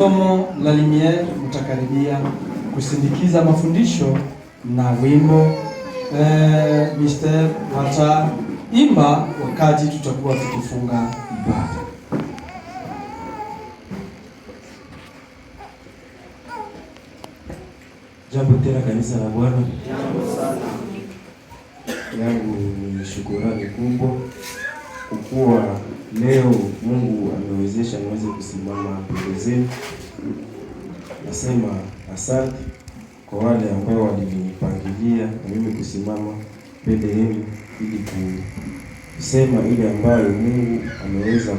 Somo la Lumiere mtakaribia kusindikiza mafundisho na wimbo eh, Mr. hata imba wakati tutakuwa tukifunga ibada. Jambo tena kanisa la Bwana, jambo sana yangu ni shukurani kubwa kukuwa Leo Mungu amewezesha niweze kusimama mbele zenu. Nasema asante kwa wale ambao walinipangilia na mimi kusimama mbele yenu ili kusema ile ambayo Mungu ameweza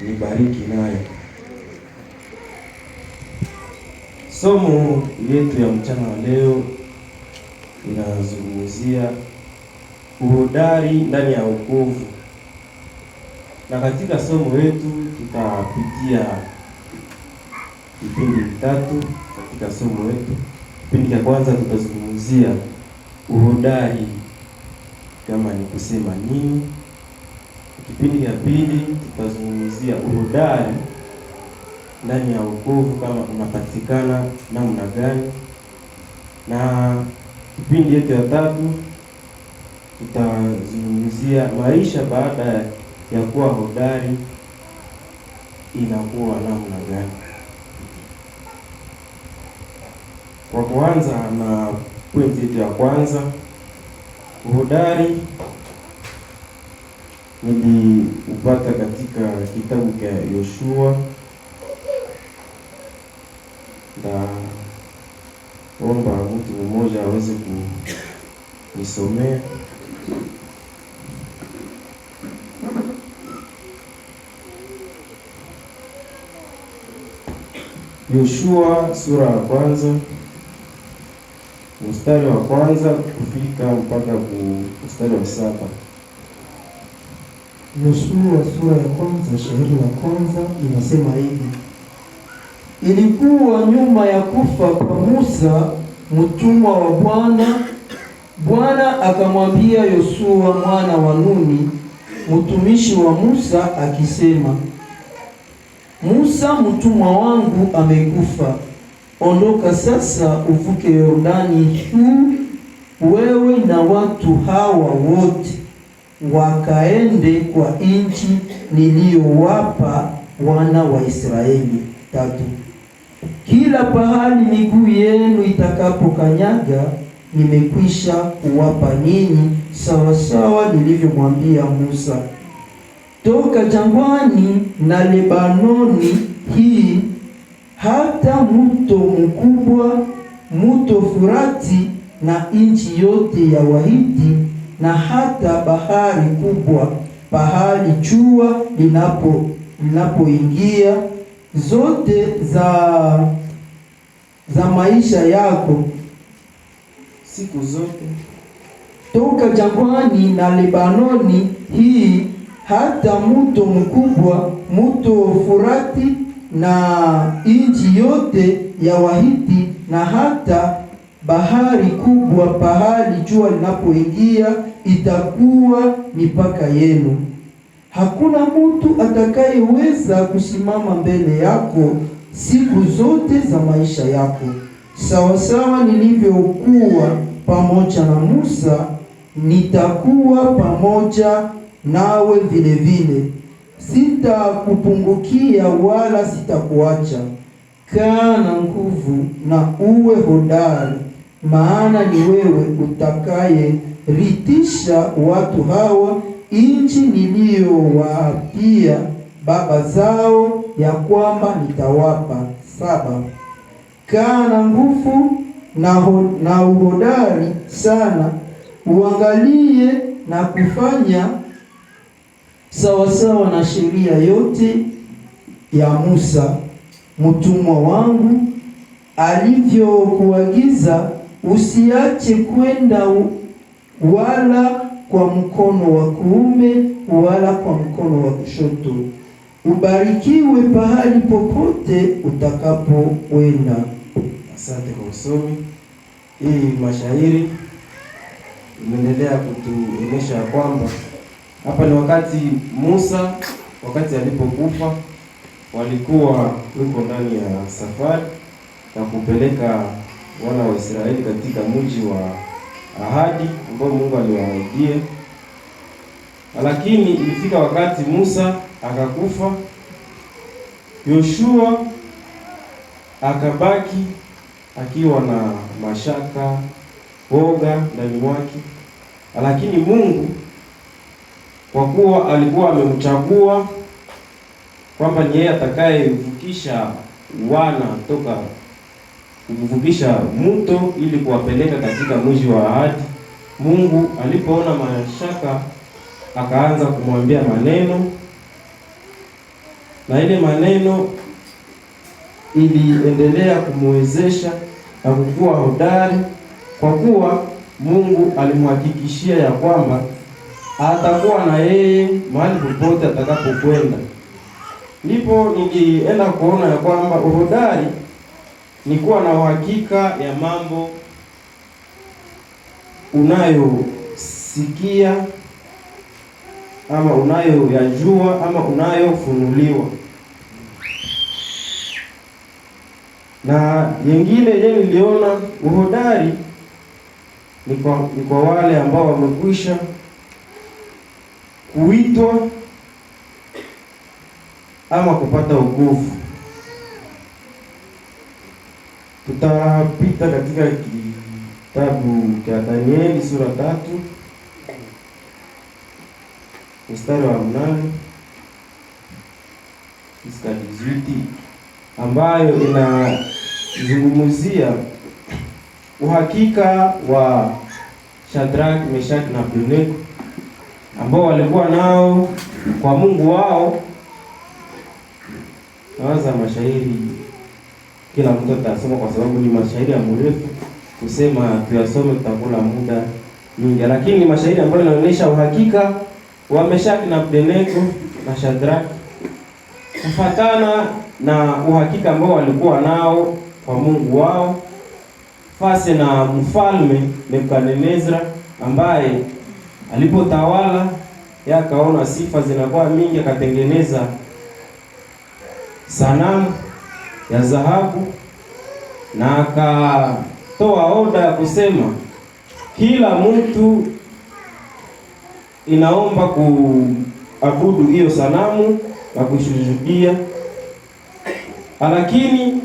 kunibariki nayo. Somo letu ya mchana wa leo inazungumzia uhodari ndani ya wokovu na katika somo letu tutapitia vipindi vitatu katika somo letu. Kipindi cha kwanza tutazungumzia uhodari kama ni kusema nini. Kipindi cha pili tutazungumzia uhodari ndani ya wokovu kama unapatikana namna gani, na kipindi yetu ya tatu tutazungumzia maisha baada ya ya kuwa hodari inakuwa namna gani? Kwa kuanza na pointi yetu ya kwanza, uhodari niliupata katika kitabu cha Yoshua na omba mtu mmoja aweze kunisomea. Yoshua sura ya kwanza mstari wa kwanza kufika mpaka ku mstari wa saba. Yoshua sura ya kwanza shairi la kwanza inasema hivi: ilikuwa nyuma ya kufa kwa Musa mtumwa wa Bwana, Bwana akamwambia Yoshua mwana wa Nuni mtumishi wa Musa akisema Musa mtumwa wangu amekufa. Ondoka sasa uvuke Yordani huu wewe na watu hawa wote, wakaende kwa nchi niliyowapa wana wa Israeli. Tatu, kila pahali miguu yenu itakapokanyaga nimekwisha kuwapa ninyi, sawasawa nilivyomwambia Musa toka jangwani na Lebanoni hii hata mto mkubwa, mto Furati na nchi yote ya Wahiti na hata bahari kubwa, bahari jua linapo linapoingia, zote za za maisha yako siku zote, toka jangwani na Lebanoni hii hata muto mkubwa muto Furati na inji yote ya Wahiti na hata bahari kubwa, pahali jua linapoingia itakuwa mipaka yenu. Hakuna mtu atakayeweza kusimama mbele yako siku zote za maisha yako, sawasawa nilivyokuwa pamoja na Musa, nitakuwa pamoja nawe vilevile sitakupungukia wala sitakuacha. Kaa na nguvu na uwe hodari, maana ni wewe utakayeritisha watu hawa nchi niliyowaapia baba zao ya kwamba nitawapa. Saba. Kaa na nguvu na, na uhodari sana, uangalie na kufanya sawasawa na sheria yote ya Musa mtumwa wangu alivyokuagiza, usiache kwenda wala kwa mkono wa kuume wala kwa mkono wa kushoto. Ubarikiwe pahali popote utakapoenda. Asante kwa usomi. Hii mashairi imeendelea kutuonyesha kwamba hapa ni wakati Musa, wakati alipokufa, walikuwa yuko ndani ya safari na kupeleka wana wa Israeli katika mji wa ahadi ambao Mungu aliwaahidia, lakini ilifika wakati Musa akakufa, Yoshua akabaki akiwa na mashaka, woga ndani mwake, lakini Mungu kwa kuwa alikuwa amemchagua kwamba ni yeye atakayemvukisha wana toka kumvukisha mto ili kuwapeleka katika mji wa ahadi. Mungu alipoona mashaka, akaanza kumwambia maneno, na ile maneno iliendelea kumwezesha na kukua hodari, kwa kuwa Mungu alimhakikishia ya kwamba atakuwa na yeye mahali popote atakapokwenda. Ndipo nilienda kuona ya kwamba uhodari ni kuwa na uhakika ya mambo unayosikia ama unayoyajua ama unayofunuliwa. Na nyingine je niliona uhodari ni kwa, ni kwa wale ambao wamekwisha kuitwa ama kupata wokovu. Tutapita katika kitabu cha Danieli sura tatu mstari wa mnane mstari zwiti ambayo inazungumzia uhakika wa Shadrach, Meshach na Abednego ambao walikuwa nao kwa Mungu wao. Nawaza mashairi kila mtu atasoma, kwa sababu ni mashairi ya mrefu, kusema tuyasome tutakula muda mingi lakini ni mashairi ambayo inaonyesha uhakika wa Meshaki na Abednego na Shadrach kufatana na uhakika ambao walikuwa nao kwa Mungu wao fase na mfalme Nebukadnezra ambaye Alipotawala yeye akaona sifa zinakuwa mingi, akatengeneza sanamu ya dhahabu na akatoa oda ya kusema kila mtu inaomba kuabudu hiyo sanamu na kuishujudia, lakini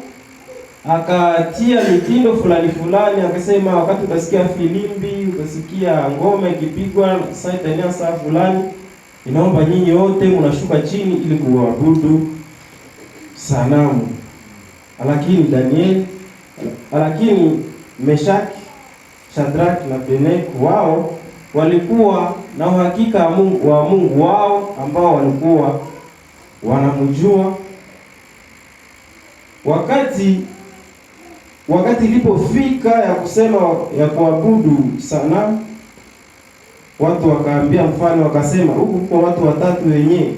akatia mitindo fulani fulani, akasema wakati utasikia filimbi, utasikia ngoma ikipigwa saitania saa fulani, inaomba nyinyi wote mnashuka chini ili kuabudu sanamu. Lakini daniel lakini Meshaki, Shadrach na Abednego wao walikuwa na uhakika wa Mungu wao ambao walikuwa wanamjua wakati Wakati ilipofika ya kusema ya kuabudu sanamu, watu wakaambia mfano, wakasema huku kwa watu watatu wenyewe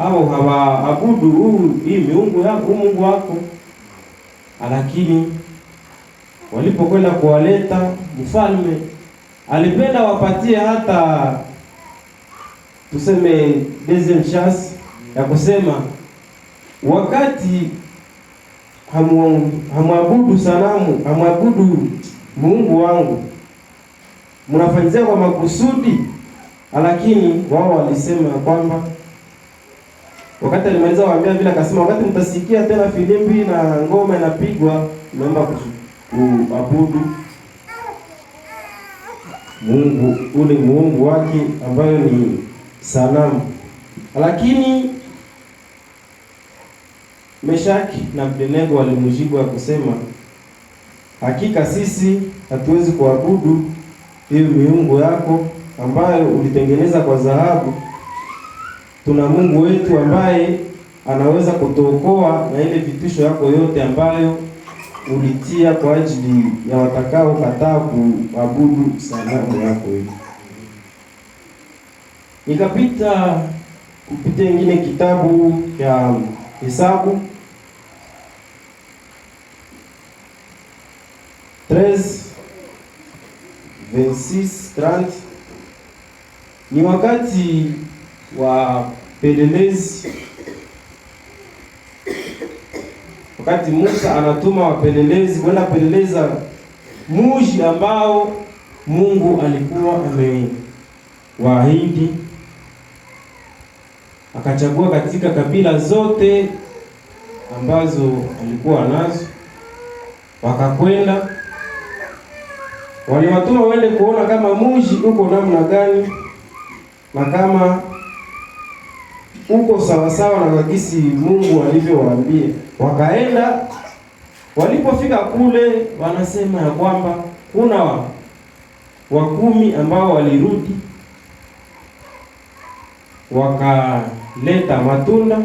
au hawaabudu huu hii miungu yako Mungu wako. Lakini walipokwenda kuwaleta, mfalme alipenda wapatie hata tuseme deuxième chance ya kusema wakati hamwabudu sanamu, hamwabudu Mungu wangu, mnafanyizia kwa makusudi. Lakini wao walisema kwamba wakati alimaliza waambia vile, akasema wakati mtasikia tena filimbi na ngoma inapigwa, naomba kuabudu Mungu ule Mungu wake ambayo ni sanamu, lakini Meshaki na Abednego walimjibu ya kusema, hakika sisi hatuwezi kuabudu hiyo miungu yako ambayo ulitengeneza kwa dhahabu. Tuna Mungu wetu ambaye anaweza kutuokoa na ile vitisho yako yote ambayo ulitia kwa ajili ya watakao kataa kuabudu sanamu yako hiyo. Nikapita kupitia ingine kitabu ya Hesabu 13 26 30 ni wakati wa pelelezi, wakati Musa anatuma wapelelezi kwenda peleleza muji ambao Mungu alikuwa amewaahidi, akachagua katika kabila zote ambazo alikuwa nazo, wakakwenda waliwatuma waende kuona kama muji uko namna gani na kama uko sawasawa na kagisi Mungu alivyowaambia. Wakaenda, walipofika kule wanasema ya kwamba kuna wakumi ambao walirudi wakaleta matunda.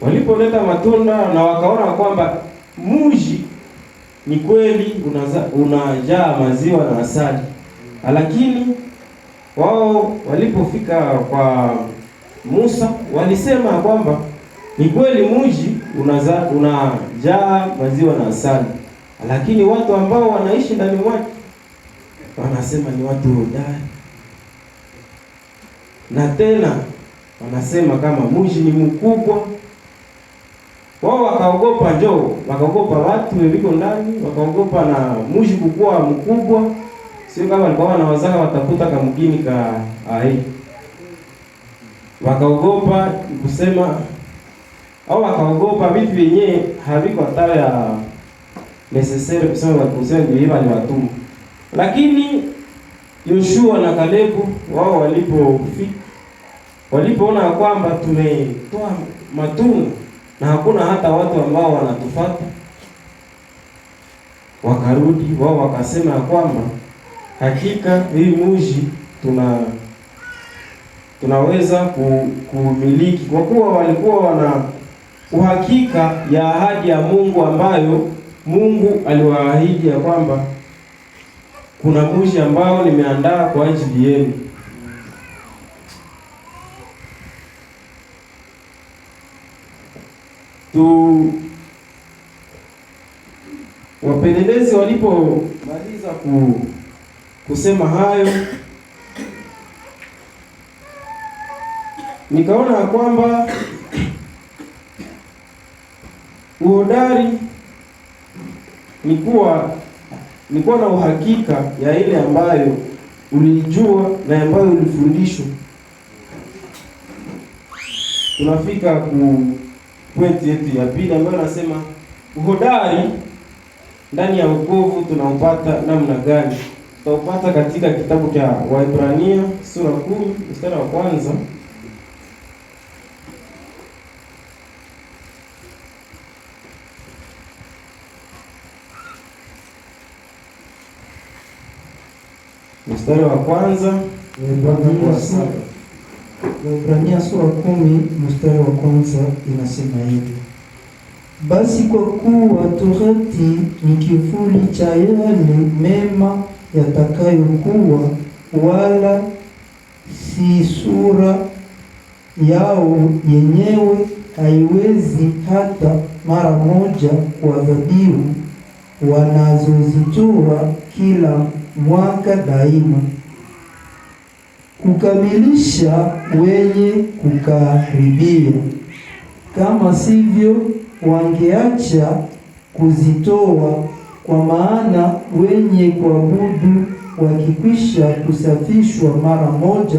Walipoleta matunda na wakaona kwamba muji ni kweli unajaa maziwa na asali, lakini wao walipofika kwa Musa walisema kwamba ni kweli mji unajaa una maziwa na asali, lakini watu ambao wanaishi ndani mwake wanasema ni watu hodari, na tena wanasema kama mji ni mkubwa wao wakaogopa njoo, wakaogopa watu weliko ndani, wakaogopa na mushi kukua mkubwa. Sio kama walikuwa wanawazaka watakuta kamgini ka ai, ah, wakaogopa kusema au wakaogopa vitu vyenye haviko hata ya necessary kusema kwa kusema ndio ni watumwa. Lakini Yoshua na Kalebu wao walipofika walipoona kwamba tumetoa matunda na hakuna hata watu ambao wanatufata wakarudi wao wakasema ya kwamba hakika hii muji tuna tunaweza kumiliki, kwa kuwa walikuwa wana uhakika ya ahadi ya Mungu ambayo Mungu aliwaahidi ya kwamba kuna muji ambao nimeandaa kwa ajili yenu. tu wapelelezi walipomaliza ku, kusema hayo, nikaona ya kwamba uhodari ni kuwa na uhakika ya ile ambayo ulijua na ambayo ulifundishwa tunafika ku pointi yetu ya pili ambayo anasema uhodari ndani ya wokovu tunaupata namna gani? Tutaupata katika kitabu cha Waebrania sura kumi mstari wa kwanza mstari wa kwanza Waebrania sura kumi mstari wa kwanza inasema hivi: basi kwa kuwa torati ni kivuli cha yale yaani mema yatakayokuwa, wala si sura yao yenyewe, haiwezi hata mara moja dhabihu wanazozitoa kila mwaka daima kukamilisha wenye kukaribia, kama sivyo wangeacha kuzitoa. Kwa maana wenye kuabudu wakikwisha kusafishwa mara moja,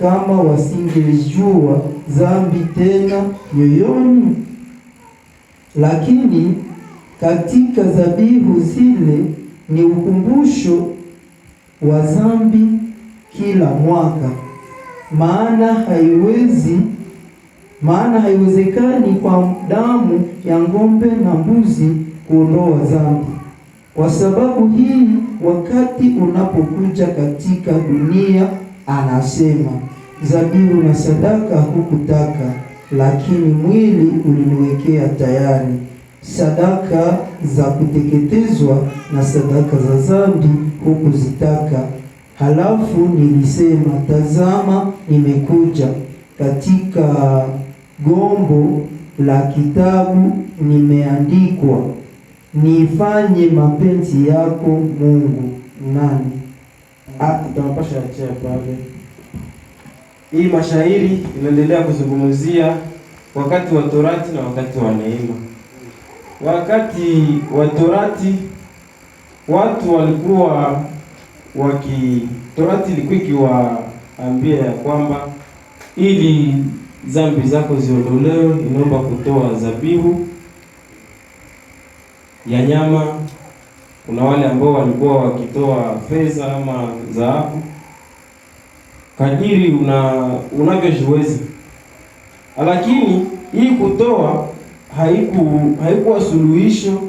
kama wasingejua dhambi tena yoyoni. Lakini katika dhabihu zile ni ukumbusho wa dhambi kila mwaka, maana haiwezi maana haiwezekani kwa damu ya ng'ombe na mbuzi kuondoa dhambi. Kwa sababu hii, wakati unapokuja katika dunia, anasema dhabihu na sadaka hukutaka, lakini mwili uliniwekea tayari. Sadaka za kuteketezwa na sadaka za dhambi hukuzitaka Halafu nilisema tazama, nimekuja katika gombo la kitabu nimeandikwa, nifanye mapenzi yako Mungu. Nani ah, tunapasha achea pale. Hii mashairi inaendelea kuzungumzia wakati wa torati na wakati wa neema. Wakati wa torati watu walikuwa waki torati ilikuwa ikiwaambia ya kwamba ili dhambi zako ziondolewe, inaomba kutoa zabihu ya nyama. Kuna wale ambao walikuwa wakitoa fedha ama dhahabu, kadiri una unavyojiweza, lakini hii kutoa haiku haikuwa suluhisho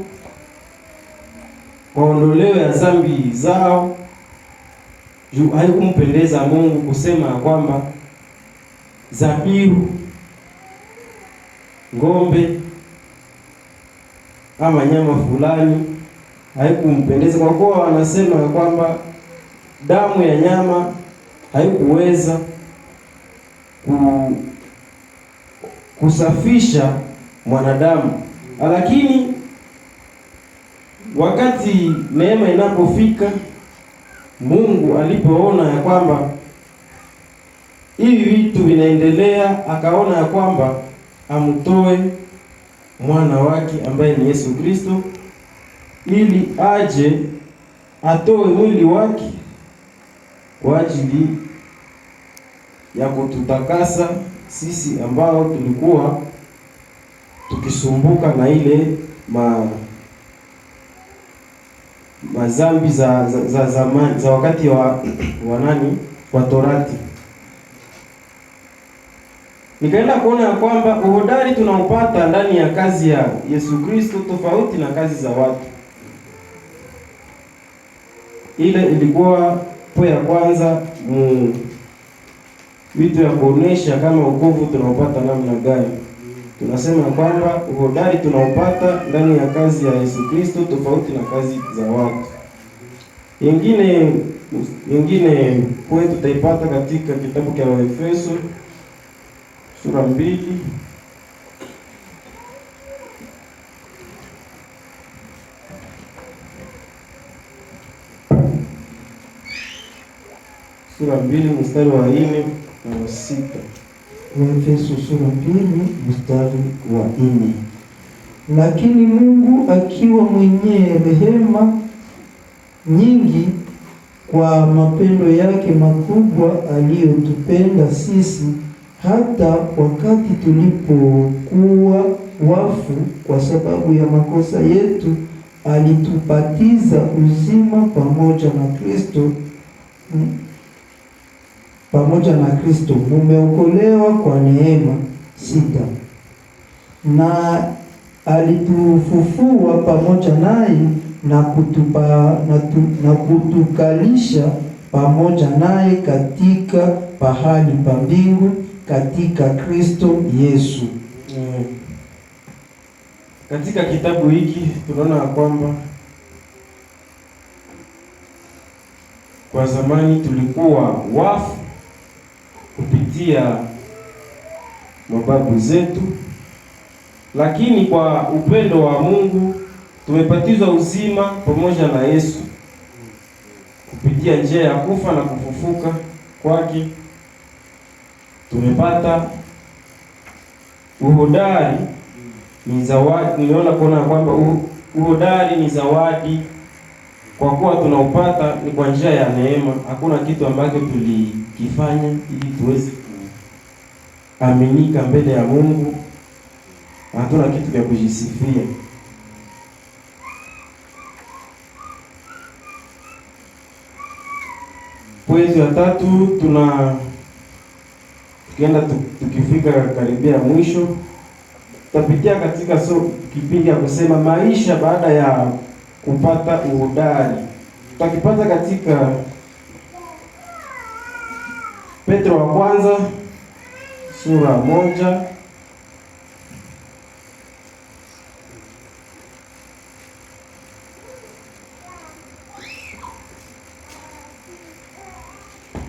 kwa ondoleo ya dhambi zao juu haikumpendeza Mungu kusema ya kwamba zabiru ng'ombe ama nyama fulani haikumpendeza, kwa kuwa anasema ya kwamba damu ya nyama haikuweza kusafisha mwanadamu. Lakini wakati neema inapofika Mungu alipoona ya kwamba hivi vitu vinaendelea, akaona ya kwamba amtoe mwana wake ambaye ni Yesu Kristo, ili aje atoe mwili wake kwa ajili ya kututakasa sisi ambao tulikuwa tukisumbuka na ile ma mazambi za za, za, zamani, za wakati wa wanani wa Torati. Nikaenda kuona ya kwamba uhodari tunaopata ndani ya kazi ya Yesu Kristo tofauti na kazi za watu. Ile ilikuwa po ya kwanza mu vitu ya kuonesha kama ukovu tunaopata namna gani. Tunasema kwamba uhodari tunaopata ndani ya kazi ya Yesu Kristo tofauti na kazi za watu yengine. Yengine kwetu tutaipata katika kitabu cha Waefeso sura mbili sura mbili mstari wa nne na wa sita. Waefeso sura mbili mstari wa nne. Lakini Mungu akiwa mwenye rehema nyingi kwa mapendo yake makubwa aliyotupenda sisi hata wakati tulipokuwa wafu kwa sababu ya makosa yetu, alitubatiza uzima pamoja na Kristo pamoja na Kristo mumeokolewa kwa neema. Sita, na alitufufua pamoja naye na kutupa, na, tu, na kutukalisha pamoja naye katika pahali pa mbingu katika Kristo Yesu. Mm. Katika kitabu hiki tunaona ya kwamba kwa zamani tulikuwa wafu kupitia mababu zetu, lakini kwa upendo wa Mungu tumepatizwa uzima pamoja na Yesu kupitia njia ya kufa na kufufuka kwake. Tumepata uhodari ni zawadi. Nimeona kuona kwamba uhodari ni zawadi, kwa kuwa tunaupata ni kwa njia ya neema. Hakuna kitu ambacho tuli kifanye ili tuweze kuaminika mbele ya Mungu. Hatuna kitu cha kujisifia. Mwezi wa tatu tuna tukienda tukifika karibia mwisho, tutapitia katika so, kipindi ya kusema maisha baada ya kupata uhodari, tutakipata katika Petro wa kwanza sura moja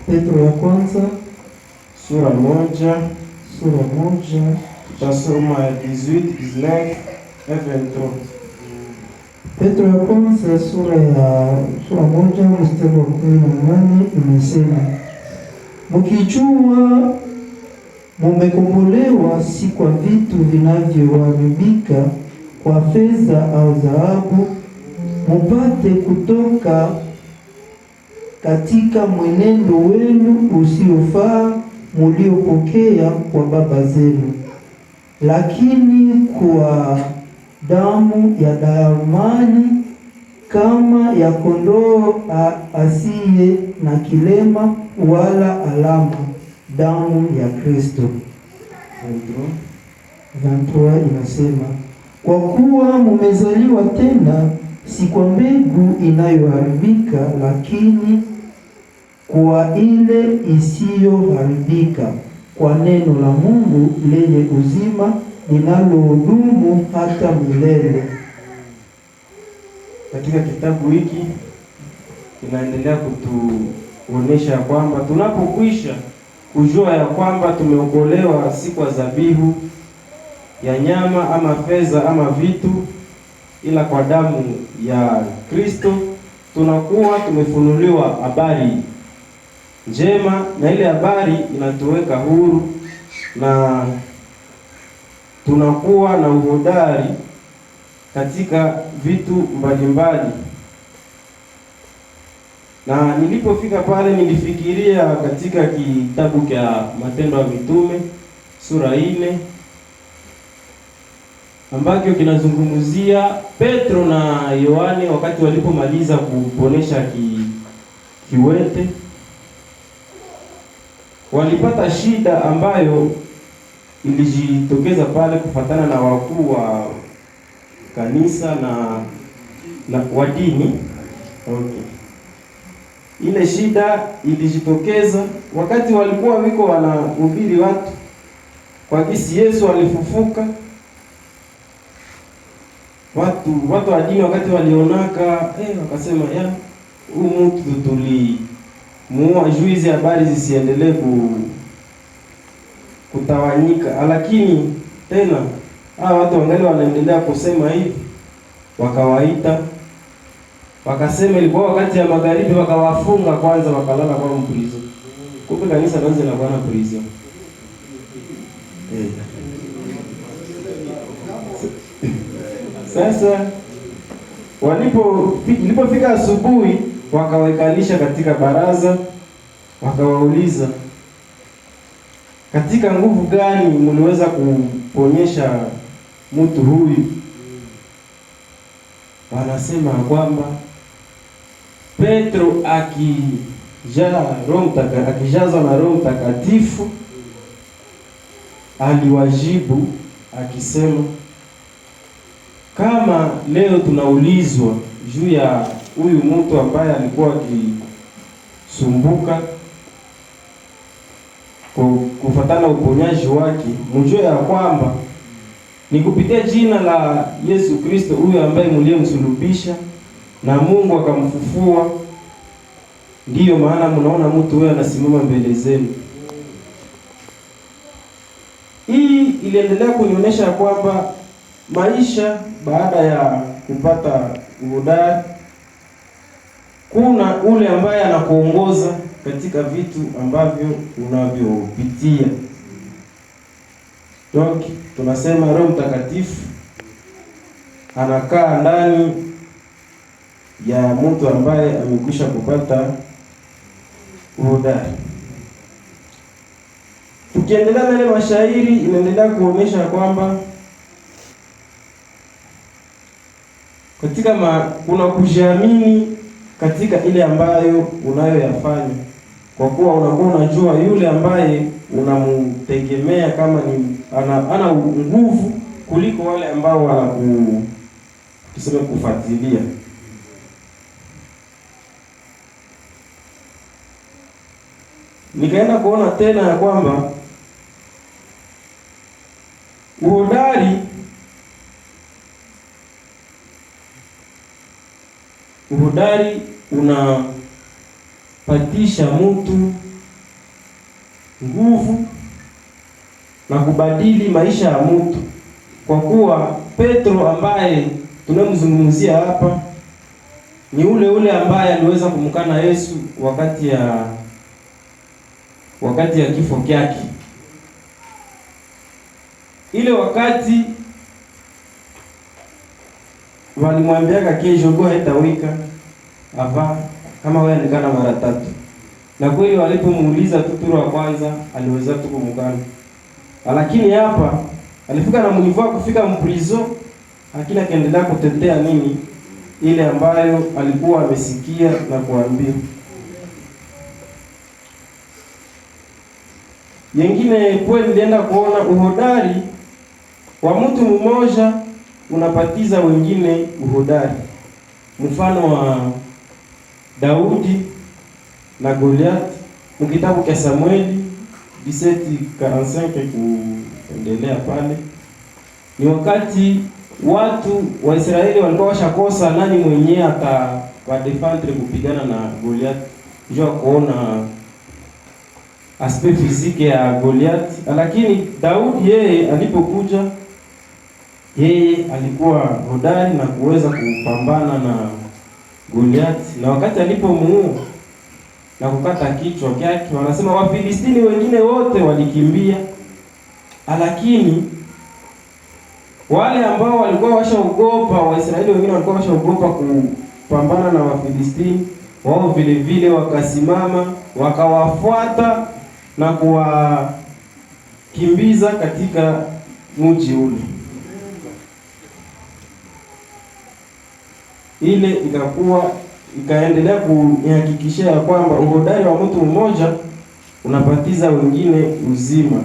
Petro ya kwanza sura moja sura moja tasoma ya 18 19 na 23 Petro ya kwanza sura ya sura moja mstari wa 18 imesema mkijua mumekombolewa si kwa vitu vinavyoharibika kwa fedha au dhahabu, mupate kutoka katika mwenendo wenu usiofaa muliopokea kwa baba zenu, lakini kwa damu ya damani kama ya kondoo asiye na kilema wala alama, damu ya Kristo. 23 inasema kwa kuwa mumezaliwa tena, si kwa mbegu inayoharibika, lakini kwa ile isiyoharibika, kwa neno la Mungu lenye uzima linalodumu hata milele katika kitabu hiki kinaendelea kutuonesha kwamba tunapokwisha kujua ya kwamba tumeokolewa si kwa dhabihu ya nyama ama fedha ama vitu, ila kwa damu ya Kristo, tunakuwa tumefunuliwa habari njema, na ile habari inatuweka huru na tunakuwa na uhodari katika vitu mbalimbali, na nilipofika pale nilifikiria katika kitabu cha Matendo ya Mitume sura ine ambacho kinazungumzia Petro na Yohane wakati walipomaliza kuponesha ki, kiwete walipata shida ambayo ilijitokeza pale kufatana na wakuu wa kanisa na na wa dini okay. Ile shida ilijitokeza wakati walikuwa wiko wanahubiri watu kwa kisi Yesu alifufuka. Watu watu wa dini wakati walionaka eh, wakasema ya huyu mtu tulimuua juu hizi habari zisiendelee kutawanyika, lakini tena hawa watu wangali wanaendelea kusema hivi, wakawaita wakasema, ilikuwa wakati ya magharibi, wakawafunga kwanza, wakalala kwa mpulizo. Kumbe kanisa kwanza la Bwana prizo Sasa walipo ilipofika asubuhi, wakawekalisha katika baraza, wakawauliza katika nguvu gani mliweza kuponyesha mtu huyu wanasema kwamba Petro akijazwa na Roho Mtakatifu aliwajibu akisema, kama leo tunaulizwa juu ya huyu mtu ambaye alikuwa akisumbuka kufatana uponyaji wake, mjue ya kwamba ni kupitia jina la Yesu Kristo huyo ambaye mliyemsulubisha na Mungu akamfufua. Ndiyo maana mnaona mtu huyo anasimama mbele zenu. Hii iliendelea kunionyesha kwamba maisha baada ya kupata uhodari, kuna ule ambaye anakuongoza katika vitu ambavyo unavyopitia. Donc tunasema Roho Mtakatifu anakaa ndani ya mtu ambaye amekwisha kupata uhodari. Tukiendelea na mashairi inaendelea kuonyesha kwamba katika ma, kuna kujiamini katika ile ambayo unayoyafanya kwa kuwa unakuwa unajua yule ambaye unamtegemea kama ni ana, ana nguvu kuliko wale ambao ku, tuseme kufuatilia. Nikaenda kuona tena ya kwamba uhodari uhodari una patisha mtu nguvu na kubadili maisha ya mtu, kwa kuwa Petro ambaye tunamzungumzia hapa ni ule ule ambaye aliweza kumkana Yesu wakati ya wakati ya kifo kyake. Ile wakati walimwambiaka kesho go haitawika hapa kama wewe alikana mara tatu. Na kweli walipomuuliza tuturu wa kwanza aliweza tu kumkana, lakini hapa alifika na mlivua kufika mprizo, lakini akaendelea kutetea nini ile ambayo alikuwa amesikia na kuambia Yengine kweli nilienda kuona uhodari wa mtu mmoja unapatiza wengine uhodari, mfano wa Daudi na Goliath mu kitabu cha Samueli 17:45 kuendelea pale, ni wakati watu wa Israeli walikuwa washakosa nani mwenyewe defendre kupigana na Goliath. Njoo kuona aspect physique ya Goliath, lakini Daudi yeye alipokuja, yeye alikuwa hodari na kuweza kupambana na Goliath, na wakati alipomuua na kukata kichwa chake, wanasema Wafilistini wengine wote walikimbia, lakini wale ambao walikuwa washaogopa, Waisraeli wengine walikuwa washaogopa kupambana na Wafilistini, wao vile vile wakasimama wakawafuata na kuwakimbiza katika mji ule. ile ikakuwa ikaendelea kunihakikishia ya kwamba uhodari wa mtu mmoja unapatiza wengine uzima.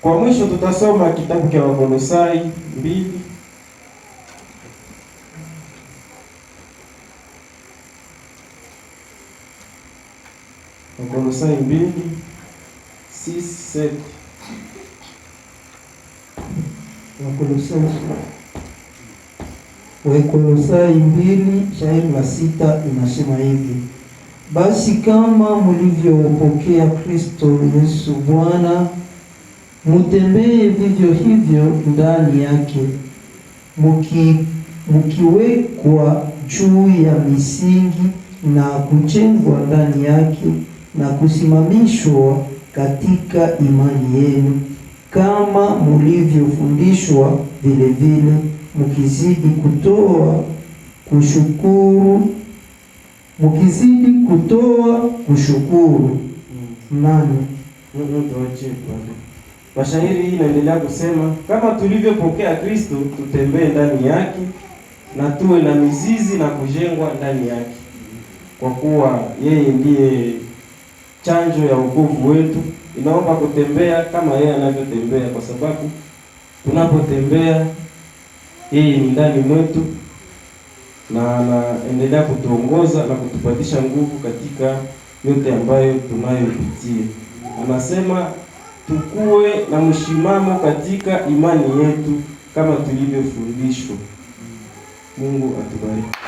Kwa mwisho tutasoma kitabu cha Wakolosai mbili Wakolosai mbili sita saba Wakolosai Wakolosai mbili shairi la sita inasema hivi: basi kama mulivyopokea Kristo Yesu Bwana, mutembee vivyo hivyo ndani yake, muki mkiwekwa juu ya misingi na kuchengwa ndani yake na kusimamishwa katika imani yenu, kama mulivyofundishwa vilevile mkizidi kutoa kushukuru, mkizidi kutoa kushukuru. Mm. Nani washairi hii inaendelea kusema, kama tulivyopokea Kristo tutembee ndani yake na tuwe na mizizi na kujengwa ndani yake, kwa kuwa yeye ndiye chanjo ya wokovu wetu. Inaomba kutembea kama yeye anavyotembea, kwa sababu tunapotembea yeye ndani mwetu, na anaendelea kutuongoza na kutupatisha nguvu katika yote ambayo tunayopitia. Anasema tukuwe na mshimamo katika imani yetu kama tulivyofundishwa. Mungu atubariki.